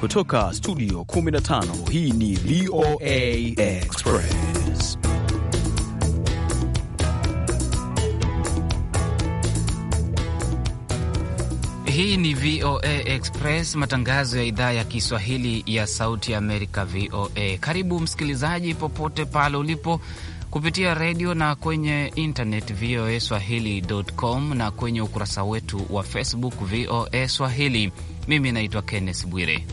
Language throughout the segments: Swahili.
Kutoka studio 15 hii ni VOA Express. Hii ni VOA Express, matangazo ya idhaa ya Kiswahili ya Sauti ya Amerika, VOA. Karibu msikilizaji, popote pale ulipo kupitia redio na kwenye internet VOA swahili.com na kwenye ukurasa wetu wa Facebook VOA Swahili. Mimi naitwa Kenneth Bwire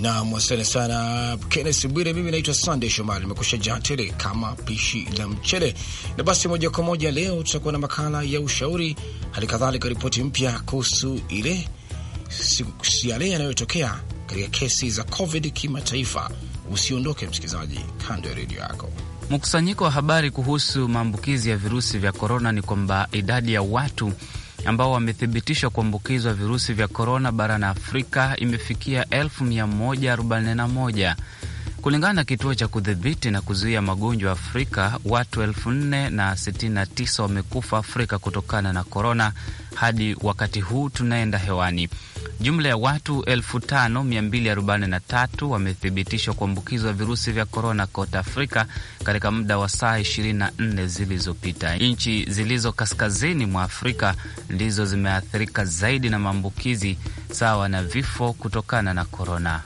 Nam, asante sana Kennes Bwire. Mimi naitwa Sandey Shomari, nimekusha jaa tele kama pishi la mchele. Na basi moja kwa moja leo tutakuwa na makala ya ushauri, hali kadhalika ripoti mpya kuhusu ile yale yanayotokea katika kesi za COVID kimataifa. Usiondoke msikilizaji, kando ya redio yako. Mkusanyiko wa habari kuhusu maambukizi ya virusi vya korona ni kwamba idadi ya watu ambao wamethibitishwa kuambukizwa virusi vya korona barani Afrika imefikia 1141 Kulingana na kituo cha kudhibiti na kuzuia magonjwa Afrika, watu elfu nne na sitini na tisa wamekufa Afrika kutokana na korona. Hadi wakati huu tunaenda hewani, jumla ya watu elfu tano mia mbili arobaini na tatu wamethibitishwa kuambukizwa virusi vya korona kote Afrika katika muda wa saa 24 zilizopita. Nchi zilizo kaskazini mwa Afrika ndizo zimeathirika zaidi na maambukizi sawa na vifo kutokana na korona.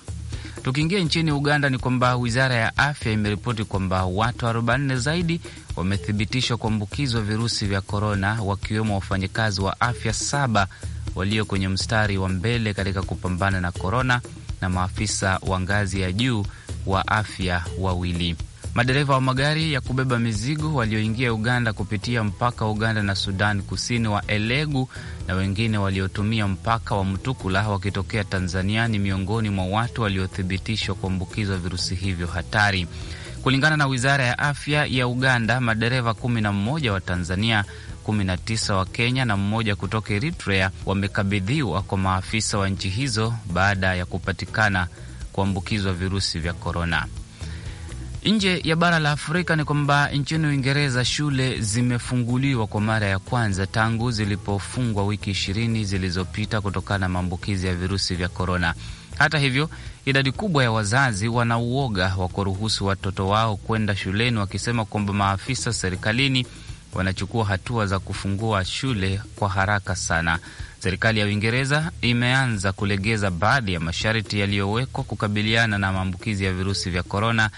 Tukiingia nchini Uganda ni kwamba wizara ya afya imeripoti kwamba watu 4 zaidi wamethibitishwa kuambukizwa virusi vya korona, wakiwemo wafanyakazi wa afya saba walio kwenye mstari wa mbele katika kupambana na korona na maafisa wa ngazi ya juu wa afya wawili. Madereva wa magari ya kubeba mizigo walioingia Uganda kupitia mpaka wa Uganda na Sudan Kusini wa Elegu na wengine waliotumia mpaka wa Mtukula wakitokea Tanzania ni miongoni mwa watu waliothibitishwa kuambukizwa virusi hivyo hatari. Kulingana na Wizara ya Afya ya Uganda, madereva 11 wa Tanzania 19 wa Kenya na mmoja kutoka Eritrea wamekabidhiwa kwa maafisa wa nchi hizo baada ya kupatikana kuambukizwa virusi vya korona. Nje ya bara la Afrika ni kwamba nchini Uingereza shule zimefunguliwa kwa mara ya kwanza tangu zilipofungwa wiki ishirini zilizopita kutokana na maambukizi ya virusi vya korona. Hata hivyo, idadi kubwa ya wazazi wanauoga wa kuruhusu watoto wao kwenda shuleni, wakisema kwamba maafisa serikalini wanachukua hatua za kufungua shule kwa haraka sana. Serikali ya Uingereza imeanza kulegeza baadhi ya masharti yaliyowekwa kukabiliana na maambukizi ya virusi vya korona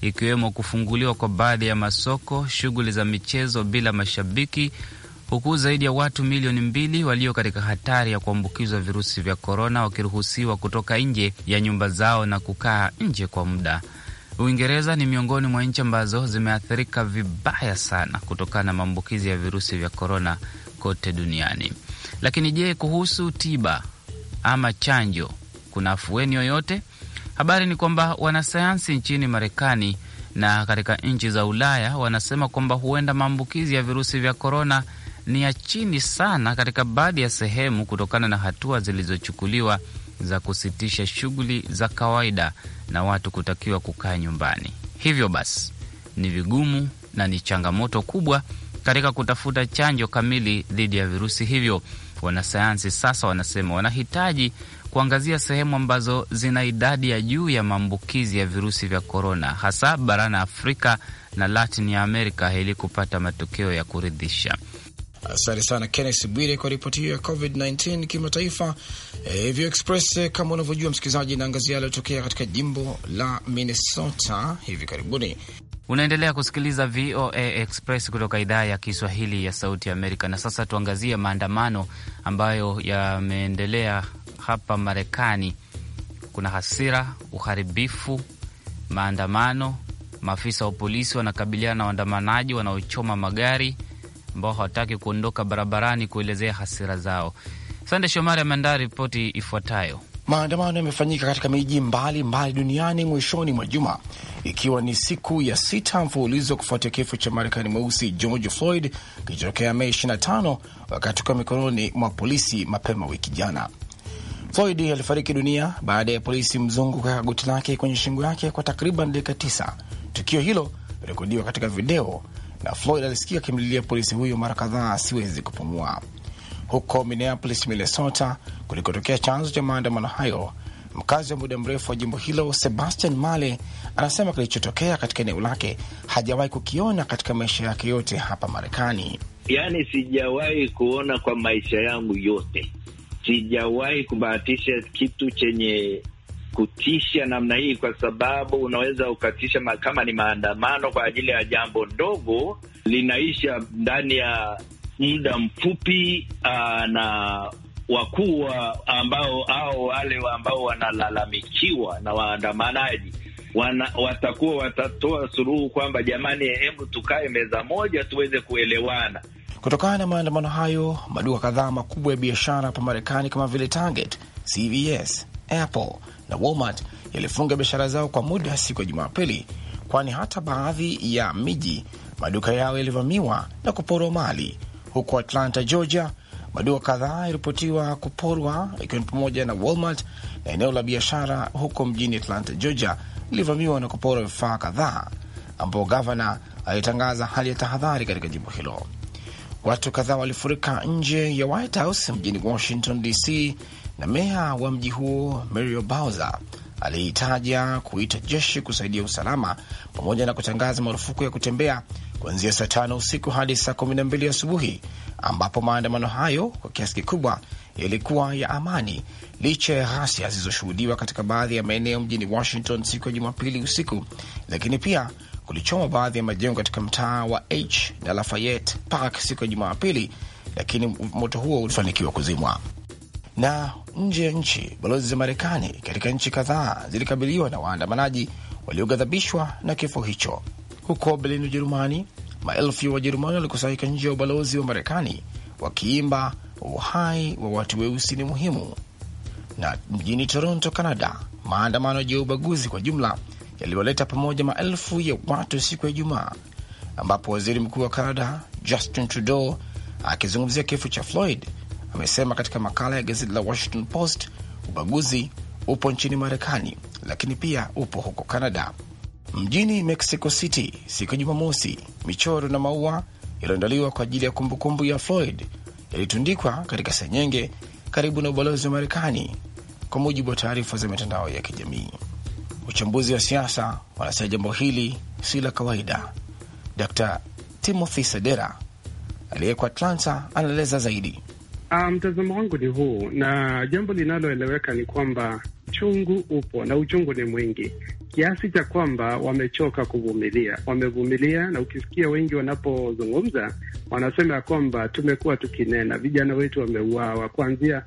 ikiwemo kufunguliwa kwa baadhi ya masoko, shughuli za michezo bila mashabiki, huku zaidi ya watu milioni mbili walio katika hatari ya kuambukizwa virusi vya korona wakiruhusiwa kutoka nje ya nyumba zao na kukaa nje kwa muda. Uingereza ni miongoni mwa nchi ambazo zimeathirika vibaya sana kutokana na maambukizi ya virusi vya korona kote duniani. Lakini je, kuhusu tiba ama chanjo, kuna afueni yoyote? Habari ni kwamba wanasayansi nchini Marekani na katika nchi za Ulaya wanasema kwamba huenda maambukizi ya virusi vya korona ni ya chini sana katika baadhi ya sehemu kutokana na hatua zilizochukuliwa za kusitisha shughuli za kawaida na watu kutakiwa kukaa nyumbani. Hivyo basi ni vigumu na ni changamoto kubwa katika kutafuta chanjo kamili dhidi ya virusi hivyo. Wanasayansi sasa wanasema wanahitaji kuangazia sehemu ambazo zina idadi ya juu ya maambukizi ya virusi vya korona, hasa barani Afrika na Latin ya Amerika ili kupata matokeo ya kuridhisha. Asante sana Kennes Bwire kwa ripoti hiyo ya COVID-19 kimataifa. Hivyo eh, Express, eh, kama unavyojua msikilizaji, inaangazia yaliyotokea katika jimbo la Minnesota hivi karibuni. Unaendelea kusikiliza VOA Express kutoka idhaa ya Kiswahili ya Sauti ya Amerika. Na sasa tuangazie maandamano ambayo yameendelea hapa Marekani kuna hasira, uharibifu, maandamano. Maafisa wa polisi wanakabiliana na waandamanaji wanaochoma magari ambao hawataki kuondoka barabarani kuelezea hasira zao. Sande Shomari ameandaa ripoti ifuatayo. Maandamano yamefanyika katika miji mbalimbali mbali duniani mwishoni mwa juma, ikiwa ni siku ya sita mfululizo kufuatia kifo cha Marekani mweusi George Floyd kilichotokea Mei 25 wakati kwa mikononi mwa polisi mapema wiki jana. Floyd alifariki dunia baada ya polisi mzungu kuweka goti lake kwenye shingo yake kwa takriban dakika tisa. Tukio hilo rekodiwa katika video na Floyd alisikia akimlilia polisi huyo mara kadhaa, asiwezi kupumua. Huko Minneapolis, Minnesota, kulikotokea chanzo cha maandamano hayo, mkazi wa muda mrefu wa jimbo hilo Sebastian Male anasema kilichotokea katika eneo lake hajawahi kukiona katika maisha yake yote hapa Marekani. Yaani sijawahi kuona kwa maisha yangu yote sijawahi kubahatisha kitu chenye kutisha namna hii, kwa sababu unaweza ukatisha ma, kama ni maandamano kwa ajili ya jambo ndogo linaisha ndani ya muda mfupi ah, na wakuu ambao au wale ambao wanalalamikiwa na waandamanaji wana, watakuwa watatoa suluhu kwamba jamani, hebu tukae meza moja tuweze kuelewana Kutokana na maandamano hayo, maduka kadhaa makubwa ya biashara hapa Marekani kama vile Target, CVS, Apple na Walmart yalifunga biashara zao kwa muda siku ya Jumapili, kwani hata baadhi ya miji maduka yao yalivamiwa na kuporwa mali. Huko Atlanta, Georgia, maduka kadhaa yaliripotiwa kuporwa ikiwa ni pamoja na Walmart na eneo la biashara huko mjini Atlanta, Georgia lilivamiwa na kuporwa vifaa kadhaa, ambapo gavana alitangaza hali ya tahadhari katika jimbo hilo. Watu kadhaa walifurika nje ya White House mjini Washington DC, na meya wa mji huo Mario Bowser alihitaja kuita jeshi kusaidia usalama pamoja na kutangaza marufuku ya kutembea kuanzia saa tano usiku hadi saa kumi na mbili asubuhi, ambapo maandamano hayo kwa kiasi kikubwa yalikuwa ya amani licha ya ghasia zilizoshuhudiwa katika baadhi ya maeneo mjini Washington siku ya Jumapili usiku, lakini pia kulichoma baadhi ya majengo katika mtaa wa H na Lafayette Park siku ya Jumapili, lakini moto huo ulifanikiwa kuzimwa. Na nje ya nchi, balozi za Marekani katika nchi kadhaa zilikabiliwa na waandamanaji walioghadhabishwa na kifo hicho. Huko Berlin, Ujerumani, maelfu ya Wajerumani walikusanyika nje ya ubalozi wa Marekani wakiimba uhai wa watu weusi ni muhimu. Na mjini Toronto, Canada, maandamano ya ubaguzi kwa jumla yaliyoleta pamoja maelfu ya watu siku ya Ijumaa, ambapo waziri mkuu wa Canada Justin Trudeau akizungumzia kifo cha Floyd amesema katika makala ya gazeti la Washington Post, ubaguzi upo nchini Marekani, lakini pia upo huko Canada. Mjini Mexico City siku ya Jumamosi, michoro na maua yaliyoandaliwa kwa ajili ya kumbukumbu ya Floyd yalitundikwa katika senyenge karibu na ubalozi wa Marekani, kwa mujibu wa taarifa za mitandao ya kijamii. Uchambuzi wa siasa wanasema jambo hili si la kawaida. Dr Timothy Sedera aliyeko Atlanta anaeleza zaidi. Ah, mtazamo um, wangu ni huu, na jambo linaloeleweka ni kwamba chungu upo na uchungu ni mwingi kiasi cha kwamba wamechoka kuvumilia, wamevumilia. Na ukisikia wengi wanapozungumza, wanasema ya kwamba tumekuwa tukinena, vijana wetu wameuawa kuanzia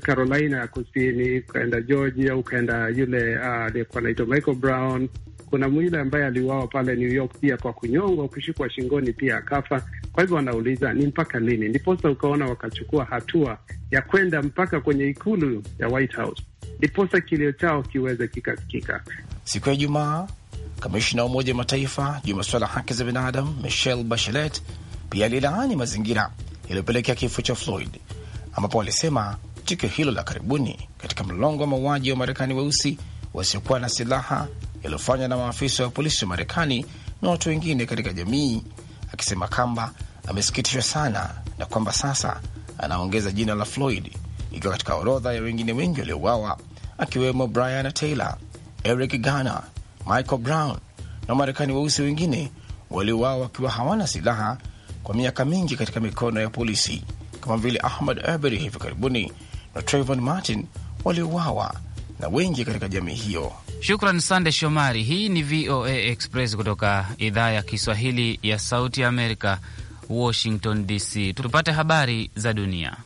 Carolina ya Kusini, ukaenda Georgia, ukaenda yule ah, aliyekuwa uh, anaitwa Michael Brown. Kuna mwile ambaye aliuawa pale New York pia kwa kunyongwa, ukishikwa shingoni pia akafa. Kwa hivyo wanauliza ni mpaka lini? Ndiposa ukaona wakachukua hatua ya kwenda mpaka kwenye ikulu ya White House ndiposa kilio chao kiweze kikasikika. Siku ya Ijumaa, Kamishina wa Umoja wa Mataifa juu ya masuala ya haki za binadamu Michelle Bachelet pia alilaani mazingira yaliyopelekea kifo cha Floyd, ambapo alisema tukio hilo la karibuni katika mlongo wa mauaji wa Marekani weusi wasiokuwa na silaha yaliyofanywa na maafisa wa polisi wa Marekani na watu wengine katika jamii, akisema kwamba amesikitishwa sana na kwamba sasa anaongeza jina la Floyd ikiwa katika orodha ya wengine wengi waliouawa akiwemo Brian Taylor, Eric Garner, Michael Brown na Wamarekani weusi wengine waliouawa wakiwa hawana silaha kwa miaka mingi katika mikono ya polisi kama vile Ahmad Arbery hivi karibuni na Trayvon Martin waliouawa na wengi katika jamii hiyo. Shukran Sande Shomari. Hii ni VOA Express kutoka idhaa ya Kiswahili ya Sauti Amerika, Washington DC. Tupate habari za dunia.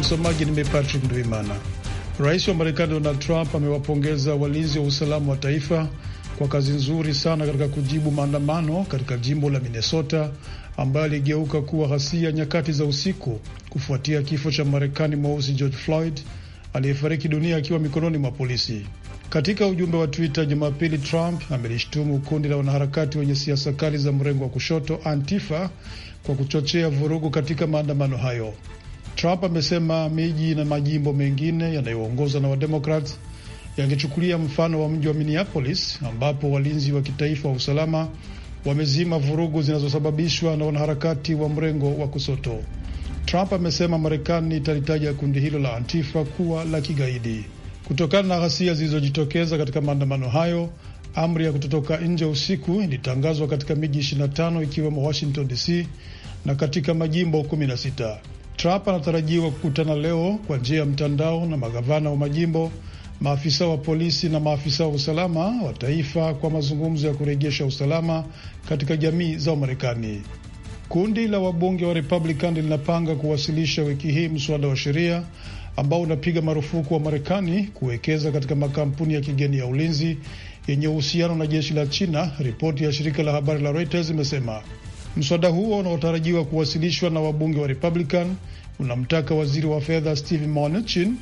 Msomaji ni mimi Patrick Ndwimana. Rais wa Marekani Donald Trump amewapongeza walinzi wa usalama wa taifa kwa kazi nzuri sana katika kujibu maandamano katika jimbo la Minnesota ambayo aligeuka kuwa ghasia nyakati za usiku kufuatia kifo cha Marekani mweusi George Floyd aliyefariki dunia akiwa mikononi mwa polisi. Katika ujumbe wa Twitter Jumapili, Trump amelishtumu kundi la wanaharakati wenye siasa kali za mrengo wa kushoto Antifa kwa kuchochea vurugu katika maandamano hayo. Trump amesema miji na majimbo mengine yanayoongozwa na Wademokrat yangechukulia mfano wa mji wa Minneapolis ambapo walinzi wa kitaifa wa usalama wamezima vurugu zinazosababishwa na wanaharakati wa mrengo wa kusoto. Trump amesema Marekani italitaja kundi hilo la Antifa kuwa la kigaidi. Kutokana na ghasia zilizojitokeza katika maandamano hayo, amri ya kutotoka nje usiku ilitangazwa katika miji 25 ikiwemo Washington DC na katika majimbo 16. Trump anatarajiwa kukutana leo kwa njia ya mtandao na magavana wa majimbo maafisa wa polisi na maafisa wa usalama wa taifa kwa mazungumzo ya kurejesha usalama katika jamii za Wamarekani. Kundi la wabunge wa Republican linapanga kuwasilisha wiki hii mswada wa sheria ambao unapiga marufuku wa Marekani kuwekeza katika makampuni ya kigeni ya ulinzi yenye uhusiano na jeshi la China. Ripoti ya shirika la habari la Reuters imesema mswada huo unaotarajiwa kuwasilishwa na wabunge wa Republican unamtaka waziri wa fedha Steve Mnuchin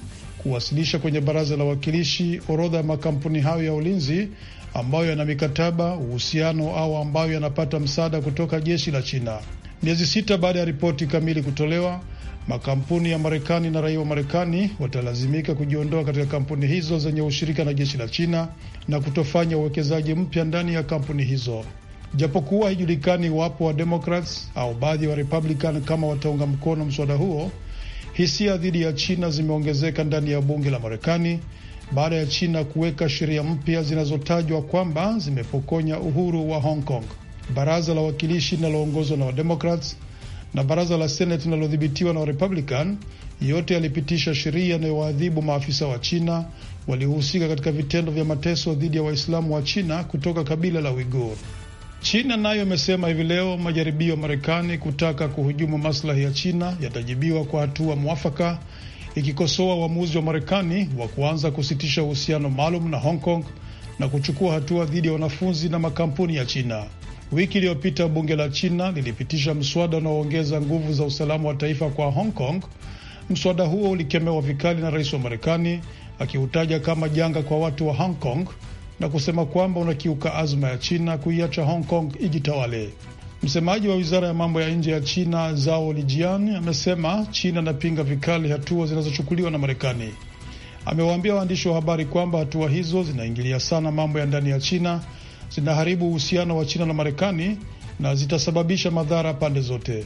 kuwasilisha kwenye baraza la wawakilishi orodha ya makampuni hayo ya ulinzi ambayo yana mikataba, uhusiano au ambayo yanapata msaada kutoka jeshi la China. Miezi sita baada ya ripoti kamili kutolewa, makampuni ya Marekani na raia wa Marekani watalazimika kujiondoa katika kampuni hizo zenye ushirika na jeshi la China na kutofanya uwekezaji mpya ndani ya kampuni hizo. Japokuwa haijulikani iwapo wa Democrats au baadhi ya wa Republican kama wataunga mkono mswada huo, Hisia dhidi ya China zimeongezeka ndani ya bunge la Marekani baada ya China kuweka sheria mpya zinazotajwa kwamba zimepokonya uhuru wa Hong Kong. Baraza la wakilishi linaloongozwa na Wademokrats na baraza la Senate linalodhibitiwa na Warepublican yote yalipitisha sheria inayowaadhibu maafisa wa China waliohusika katika vitendo vya mateso dhidi ya Waislamu wa China kutoka kabila la Uigur. China nayo imesema hivi leo majaribio ya Marekani kutaka kuhujumu maslahi ya China yatajibiwa kwa hatua mwafaka, ikikosoa uamuzi wa Marekani wa kuanza kusitisha uhusiano maalum na Hong Kong na kuchukua hatua dhidi ya wanafunzi na makampuni ya China. Wiki iliyopita bunge la China lilipitisha mswada unaoongeza nguvu za usalama wa taifa kwa Hong Kong. Mswada huo ulikemewa vikali na rais wa Marekani akiutaja kama janga kwa watu wa Hong Kong na kusema kwamba unakiuka azma ya China kuiacha Hong Kong ijitawale. Msemaji wa wizara ya mambo ya nje ya China Zao Lijian amesema China inapinga vikali hatua zinazochukuliwa na Marekani. Amewaambia waandishi wa habari kwamba hatua hizo zinaingilia sana mambo ya ndani ya China, zinaharibu uhusiano wa China na Marekani na zitasababisha madhara pande zote.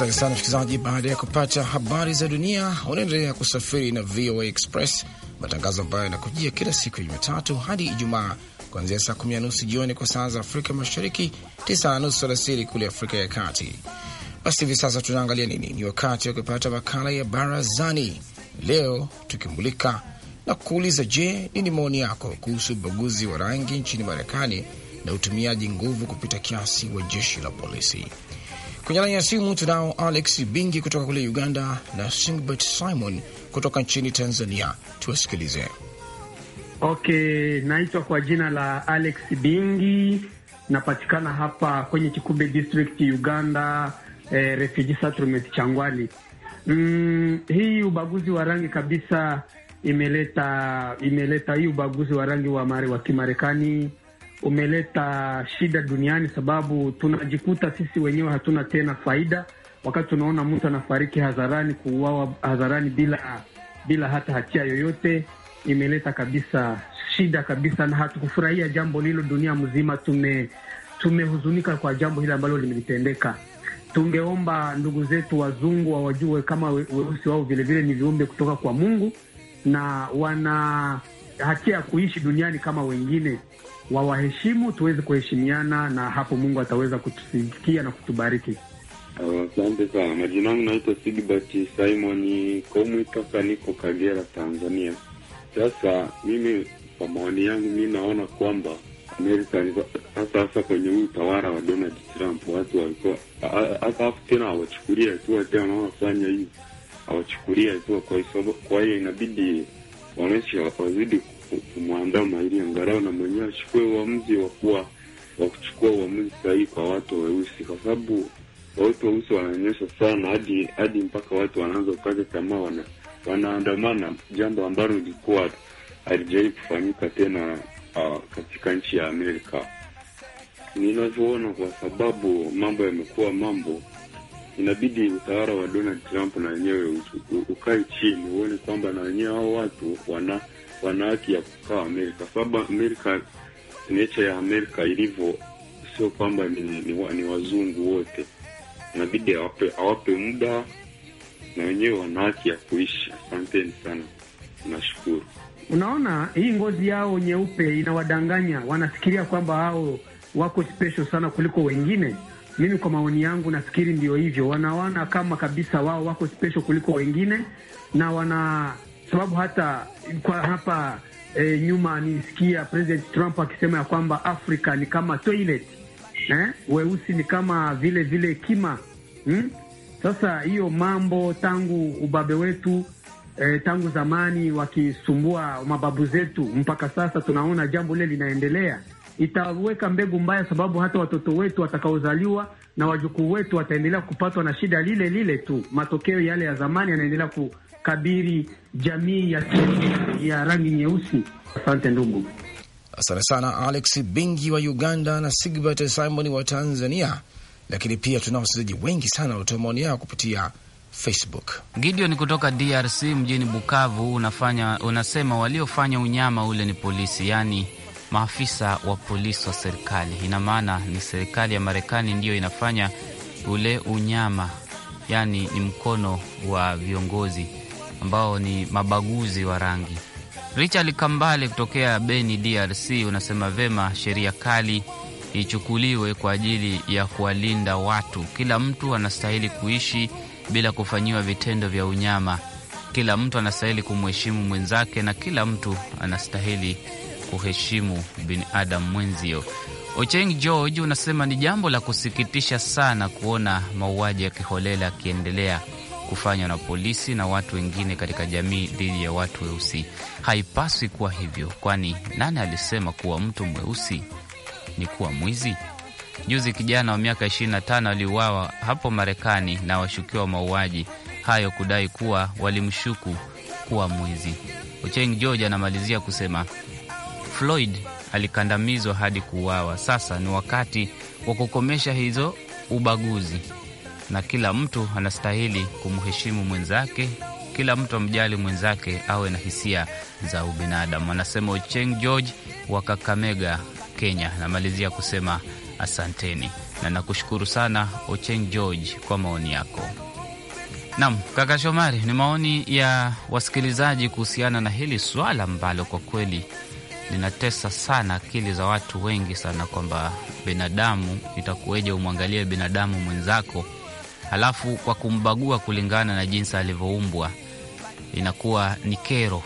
Asante sana msikilizaji, baada ya kupata habari za dunia, unaendelea kusafiri na VOA Express, matangazo ambayo yanakujia kila siku ya Jumatatu hadi Ijumaa kuanzia saa kumi na nusu jioni kwa saa za Afrika Mashariki, tisa na nusu alasiri kule Afrika ya Kati. Basi hivi sasa tunaangalia nini? Ni wakati wa kupata makala ya Barazani, leo tukimulika na kuuliza, je, nini maoni yako kuhusu ubaguzi wa rangi nchini Marekani na utumiaji nguvu kupita kiasi wa jeshi la polisi? Kwenye laini ya simu tunao Alex Bingi kutoka kule Uganda na Singbert Simon kutoka nchini Tanzania. Tuwasikilize. Okay, naitwa kwa jina la Alex Bingi, napatikana hapa kwenye Kikumbe district Uganda, eh, refugee settlement Changwali. Mm, hii ubaguzi wa rangi kabisa imeleta imeleta hii ubaguzi wa rangi wa mari wa Kimarekani umeleta shida duniani, sababu tunajikuta sisi wenyewe hatuna tena faida wakati tunaona mtu anafariki hadharani, kuuawa hadharani bila bila hata hatia yoyote. Imeleta kabisa shida kabisa, na hatukufurahia jambo lilo. Dunia mzima tume tumehuzunika kwa jambo hili ambalo limelitendeka. Tungeomba ndugu zetu wazungu wawajue kama weusi wao vilevile ni viumbe kutoka kwa Mungu na wana hatia ya kuishi duniani kama wengine wawaheshimu, tuweze kuheshimiana, na hapo Mungu ataweza kutusikia na kutubariki. Asante uh, sana. Majina yangu naitwa Sigbert Simon Komwitaka, niko Kagera, Tanzania. Sasa mimi kwa maoni yangu, mi naona kwamba Amerika hasa hasa kwenye huu utawala wa Donald Trump, watu walikuwa hasa hafu tena hawachukulia hatua tena wanaofanya hii hawachukulia hatua, kwa hiyo inabidi waonyeshe wazidi kumwandama ili angalau na mwenyewe achukue uamuzi wa kuwa wa kuchukua uamuzi sahihi kwa watu weusi, kwa sababu watu weusi wananyesha sana hadi hadi mpaka watu wanaanza kukata tamaa, wana wanaandamana, jambo ambalo lilikuwa halijai kufanyika tena uh, katika nchi ya Amerika ninavyoona, kwa sababu mambo yamekuwa mambo inabidi utawala wa Donald Trump na wenyewe ukae chini uone kwamba na wenyewe hao watu wana wana haki ya kukaa Amerika, sababu Amerika, nature ya Amerika ilivyo, sio kwamba ni, ni, ni wazungu wote, inabidi awape, awape muda na wenyewe wana haki ya kuishi. Asanteni sana, nashukuru. Unaona, hii ngozi yao nyeupe inawadanganya, wanafikiria kwamba hao wako special sana kuliko wengine. Mimi kwa maoni yangu nafikiri ndio hivyo, wanaona kama kabisa wao wako special kuliko wengine na wana sababu hata kwa hapa e, nyuma nisikia President Trump akisema ya kwamba Afrika ni kama toilet eh? Weusi ni kama vile vile kima hmm? Sasa hiyo mambo tangu ubabe wetu eh, tangu zamani wakisumbua mababu zetu mpaka sasa tunaona jambo lile linaendelea, itaweka mbegu mbaya, sababu hata watoto wetu watakaozaliwa na wajukuu wetu wataendelea kupatwa na shida lile lile tu, matokeo yale ya zamani yanaendelea ku kabiri jamii ya ya rangi nyeusi. Asante ndugu. Asante sana Alex Bingi wa Uganda na Sigbert Simon wa Tanzania, lakini pia tuna wasikilizaji wengi sana walitoa maoni yao kupitia Facebook. Gideon kutoka DRC mjini Bukavu unafanya, unasema waliofanya unyama ule ni polisi, yaani maafisa wa polisi wa serikali. Ina maana ni serikali ya Marekani ndiyo inafanya ule unyama, yaani ni mkono wa viongozi ambao ni mabaguzi wa rangi. Richard Kambale kutokea Beni, DRC, unasema vema, sheria kali ichukuliwe kwa ajili ya kuwalinda watu. Kila mtu anastahili kuishi bila kufanyiwa vitendo vya unyama. Kila mtu anastahili kumheshimu mwenzake na kila mtu anastahili kuheshimu binadamu mwenzio. Ocheng George unasema ni jambo la kusikitisha sana kuona mauaji ya kiholela yakiendelea kufanywa na polisi na watu wengine katika jamii dhidi ya watu weusi. Haipaswi kuwa hivyo, kwani nani alisema kuwa mtu mweusi ni kuwa mwizi? Juzi kijana wa miaka 25 aliuawa hapo Marekani na washukiwa wa mauaji hayo kudai kuwa walimshuku kuwa mwizi. Ocheng George anamalizia kusema Floyd alikandamizwa hadi kuuawa. Sasa ni wakati wa kukomesha hizo ubaguzi na kila mtu anastahili kumheshimu mwenzake, kila mtu amjali mwenzake, awe na hisia za ubinadamu, anasema Ocheng George wa Kakamega, Kenya. Namalizia kusema asanteni na nakushukuru sana Ocheng George kwa maoni yako. Nam kaka Shomari, ni maoni ya wasikilizaji kuhusiana na hili swala ambalo kwa kweli linatesa sana akili za watu wengi sana, kwamba binadamu itakuweje umwangalie binadamu mwenzako halafu kwa kumbagua kulingana na jinsi alivyoumbwa inakuwa ni kero,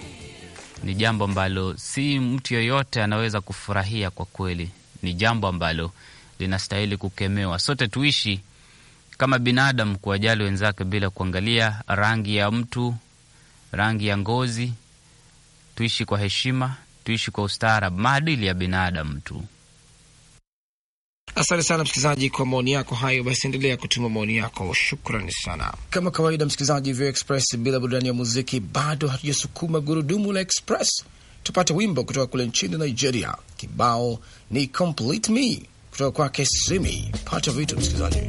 ni jambo ambalo si mtu yoyote anaweza kufurahia. Kwa kweli ni jambo ambalo linastahili kukemewa. Sote tuishi kama binadamu kuwajali wenzake bila kuangalia rangi ya mtu, rangi ya ngozi. Tuishi kwa heshima, tuishi kwa ustaarabu, maadili ya binadamu tu. Asante sana msikilizaji kwa maoni yako hayo. Basi endelea kutuma maoni yako, shukrani sana. Kama kawaida, msikilizaji, VOA Express bila burudani ya muziki bado hatujasukuma gurudumu la Express. Tupate wimbo kutoka kule nchini Nigeria. Kibao ni complete me kutoka kwake Simi. Pata vitu msikilizaji.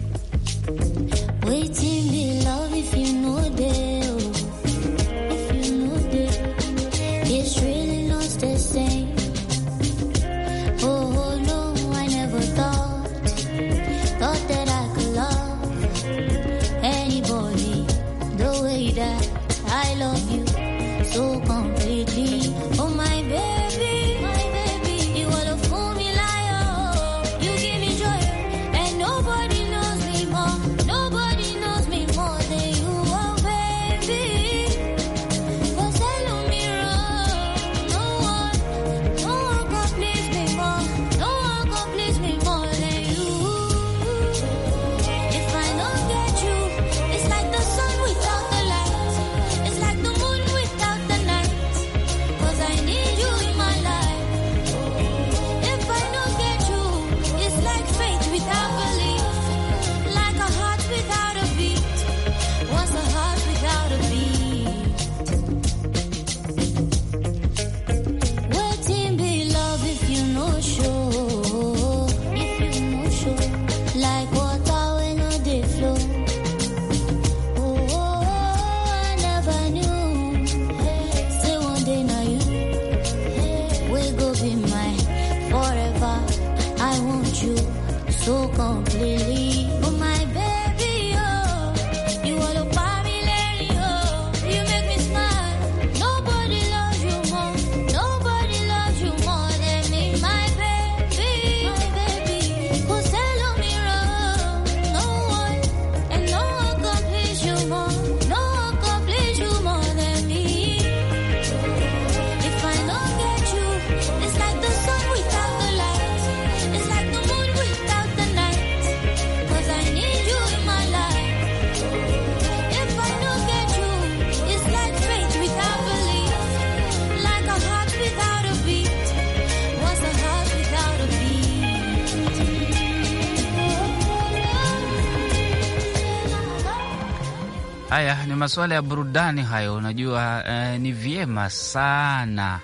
Haya ni masuala ya burudani hayo, unajua eh, ni vyema sana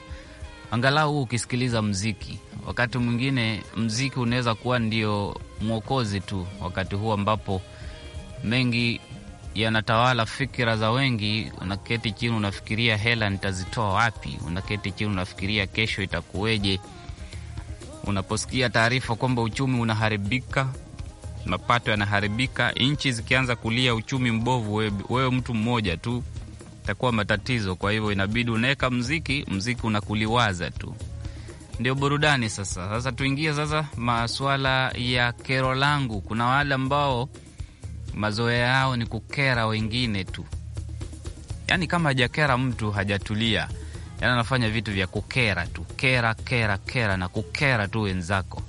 angalau huu ukisikiliza mziki. Wakati mwingine mziki unaweza kuwa ndio mwokozi tu, wakati huu ambapo mengi yanatawala fikira za wengi. Unaketi chini unafikiria hela nitazitoa wapi? Unaketi chini unafikiria kesho itakuweje? Unaposikia taarifa kwamba uchumi unaharibika mapato yanaharibika, nchi zikianza kulia uchumi mbovu, wewe, mtu mmoja tu takuwa matatizo. Kwa hivyo inabidi unaweka mziki, mziki unakuliwaza tu, ndio burudani sasa. Sasa tuingie sasa masuala ya kero langu. Kuna wale ambao mazoea yao ni kukera wengine tu, yaani kama hajakera mtu hajatulia, yaani anafanya vitu vya kukera tu, kera kera kera na kukera tu wenzako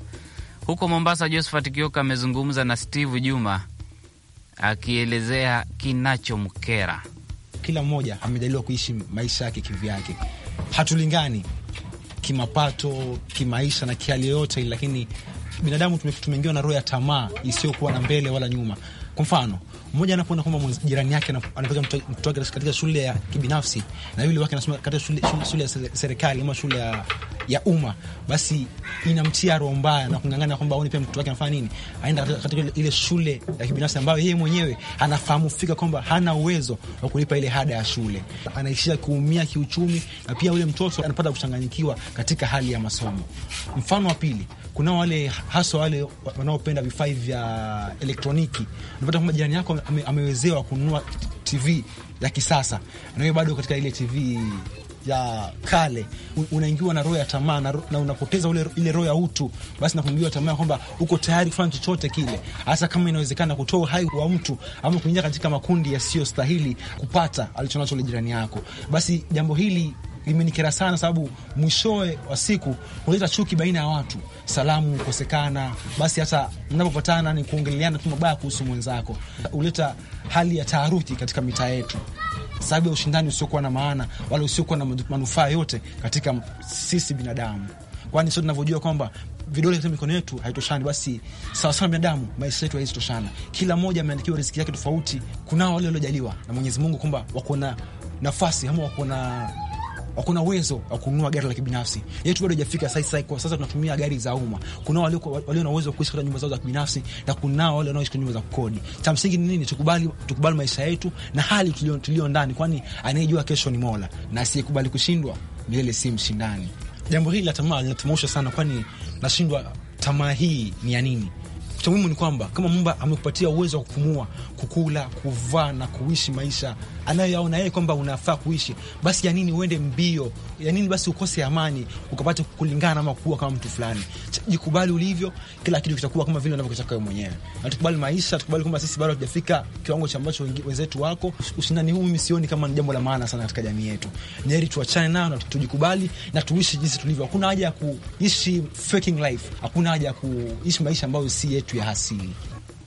huko Mombasa, Josephat Kioka amezungumza na Steve Juma akielezea kinachomkera. Kila mmoja amejaliwa kuishi maisha yake kivyake, hatulingani kimapato, kimaisha na kihali yoyote, lakini binadamu tumeingiwa na roho ya tamaa isiyokuwa na mbele wala nyuma. Kwa mfano, mmoja anapoona kwamba jirani yake anapeleka mtoto wake katika shule ya kibinafsi na yule wake anasoma katika shule, shule, shule ya serikali ama shule ya ya umma, basi inamtia roho mbaya na kungangana kwamba aone pia mtoto wake anafanya nini, aenda katika ile shule ya kibinafsi ambayo yeye mwenyewe anafahamu fika kwamba hana uwezo wa kulipa ile hada ya shule, anaishia kuumia kiuchumi, na pia yule mtoto anapata kuchanganyikiwa katika hali ya masomo. Mfano wa pili, kuna wale haswa wale wanaopenda vifaa vya elektroniki. Unapata kwamba jirani yako ame, amewezewa kununua TV ya kisasa na wewe bado katika ile TV ya kale, unaingiwa na roho ya tamaa na, na unapoteza ule, ile roho ya utu, basi na kuingiwa tamaa kwamba uko tayari kufanya chochote kile, hasa kama inawezekana kutoa uhai wa mtu ama kuingia katika makundi yasiyostahili kupata alichonacho ile jirani yako. Basi jambo hili limenikera sana, sababu mwishowe wa siku huleta chuki baina ya watu, salamu kukosekana. Basi hata mnapopatana ni kuongeleana tu mabaya kuhusu mwenzako, huleta hali ya taharuki katika mitaa yetu sababu ya ushindani usiokuwa na maana wala usiokuwa na manufaa yote katika sisi binadamu, kwani sio tunavyojua kwamba vidole katika mikono yetu haitoshani. Basi sawa na binadamu maisha yetu haizitoshana, kila mmoja ameandikiwa riziki yake tofauti. Kunao wale waliojaliwa na Mwenyezi Mungu kwamba wako na nafasi ama wako na wakuna uwezo wa kununua gari la kibinafsi. Yetu bado hajafika sai sai. kwa sasa tunatumia gari za umma. Kuna wale walio na uwezo wa kuishi katika nyumba zao za kibinafsi na kuna wale wanaoishi katika nyumba za kukodi. Cha msingi ni nini? Tukubali, tukubali maisha yetu na hali tulio, tulio ndani, kwani anayejua kesho ni Mola na asiyekubali kushindwa milele si mshindani. Jambo hili la tamaa linatumausha sana, kwani nashindwa tamaa hii ni ya nini? Cha muhimu ni kwamba kama Mumba amekupatia uwezo wa kupumua, kukula, kuvaa na kuishi maisha anayoyaona yeye kwamba unafaa kuishi, basi ya nini uende mbio? Ya nini basi ukose amani ukapate kulingana ama kuwa kama mtu fulani? Jikubali ulivyo, kila kitu kitakuwa kama vile unavyotaka wewe mwenyewe, na tukubali maisha, tukubali kwamba sisi bado hatujafika kiwango cha ambacho wenzetu wako. Ushindani huu mimi sioni kama ni jambo la maana sana katika jamii yetu. Ni heri tuachane nayo na tujikubali na tuishi jinsi tulivyo. Hakuna haja ya kuishi faking life, hakuna haja ya kuishi maisha ambayo si yetu ya asili.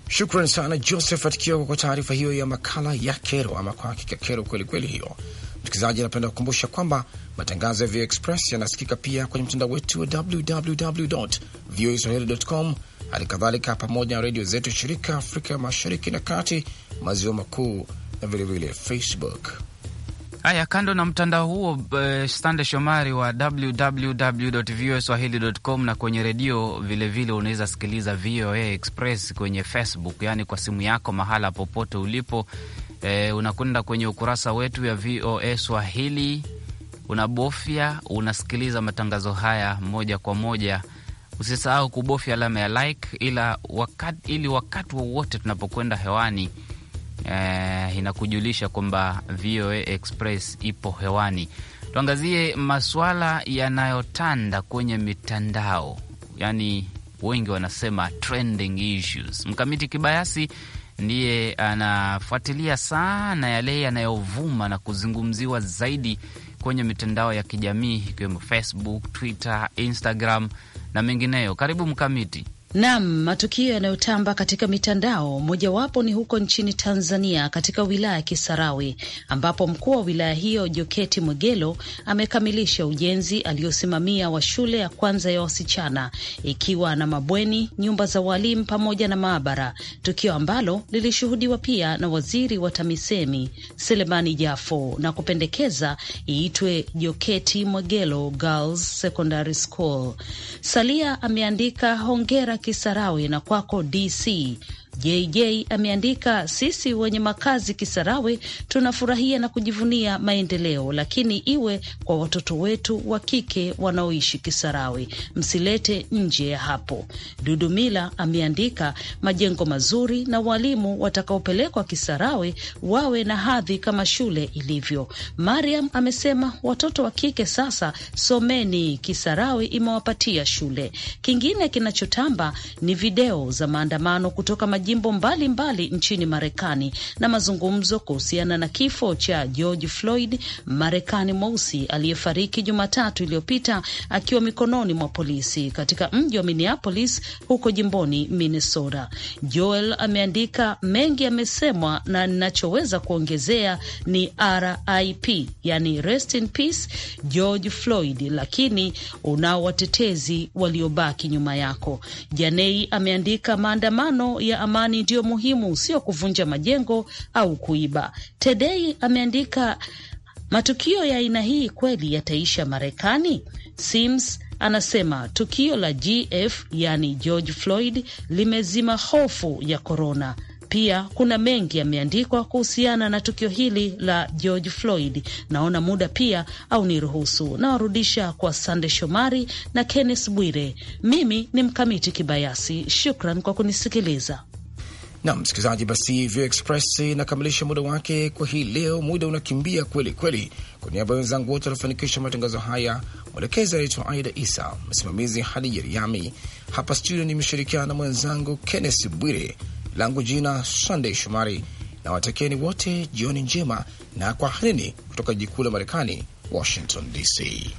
Shukran sana Josephat Kioko kwa taarifa hiyo ya makala ya kero, ama kwa hakika kero kwelikweli hiyo. Msikilizaji, anapenda kukumbusha kwamba matangazo ya VOA Express yanasikika pia kwenye mtandao wetu wa www voa swahilicom, hali kadhalika pamoja na redio zetu shirika Afrika mashariki na kati, maziwa makuu, na vilevile Facebook. Haya, kando na mtandao huo uh, eh, Stande Shomari wa www.voaswahili.com na kwenye redio vilevile, unaweza sikiliza VOA Express kwenye Facebook, yaani kwa simu yako mahala popote ulipo. Uh, unakwenda kwenye ukurasa wetu ya VOA Swahili, unabofya, unasikiliza matangazo haya moja kwa moja. Usisahau kubofya alama ya like ila wakati, ili wakati wowote tunapokwenda hewani eh, inakujulisha kwamba VOA Express ipo hewani. Tuangazie maswala yanayotanda kwenye mitandao, yaani wengi wanasema trending issues. Mkamiti Kibayasi ndiye anafuatilia sana yale yanayovuma na kuzungumziwa zaidi kwenye mitandao ya kijamii ikiwemo Facebook, Twitter, Instagram na mengineyo. Karibu Mkamiti. Nam, matukio yanayotamba katika mitandao mojawapo ni huko nchini Tanzania, katika wilaya ya Kisarawe ambapo mkuu wa wilaya hiyo Joketi Mwegelo amekamilisha ujenzi aliyosimamia wa shule ya kwanza ya wasichana ikiwa na mabweni, nyumba za walimu pamoja na maabara, tukio ambalo lilishuhudiwa pia na waziri wa TAMISEMI Selemani Jafo na kupendekeza iitwe Joketi Mwegelo Girls Secondary School. Salia ameandika hongera Kisarawe na kwako DC. JJ ameandika, sisi wenye makazi Kisarawe tunafurahia na kujivunia maendeleo, lakini iwe kwa watoto wetu wa kike wanaoishi Kisarawe, msilete nje ya hapo. Dudumila ameandika, majengo mazuri na walimu watakaopelekwa Kisarawe wawe na hadhi kama shule ilivyo. Mariam amesema, watoto wa kike sasa someni, Kisarawe imewapatia shule. Kingine kinachotamba ni video za maandamano kutoka majimbo mbalimbali mbali nchini Marekani na mazungumzo kuhusiana na kifo cha George Floyd, Marekani mweusi aliyefariki Jumatatu iliyopita akiwa mikononi mwa polisi katika mji wa Minneapolis huko jimboni Minnesota. Joel ameandika, mengi yamesemwa na ninachoweza kuongezea ni RIP, yani rest in peace George Floyd, lakini unao watetezi waliobaki nyuma yako. Janei ameandika maandamano ya amani ndiyo muhimu, sio kuvunja majengo au kuiba. Tedei ameandika matukio ya aina hii kweli yataisha Marekani? Sims anasema tukio la GF yani George Floyd limezima hofu ya korona. Pia kuna mengi yameandikwa kuhusiana na tukio hili la George Floyd. Naona muda pia au niruhusu, nawarudisha kwa Sande Shomari na Kenneth Bwire. Mimi ni Mkamiti Kibayasi, shukran kwa kunisikiliza. Na msikilizaji, basi Vio Express inakamilisha muda wake kwa hii leo. Muda unakimbia kweli kweli. Kwa niaba ya wenzangu wote wanafanikisha matangazo haya, mwelekezi anaitwa Aida Isa, msimamizi hadi Jeriami. Hapa studio nimeshirikiana na mwenzangu kennes Bwire, langu jina sandey Shomari, na watakeni wote jioni njema na kwaherini, kutoka jikuu la Marekani, Washington DC.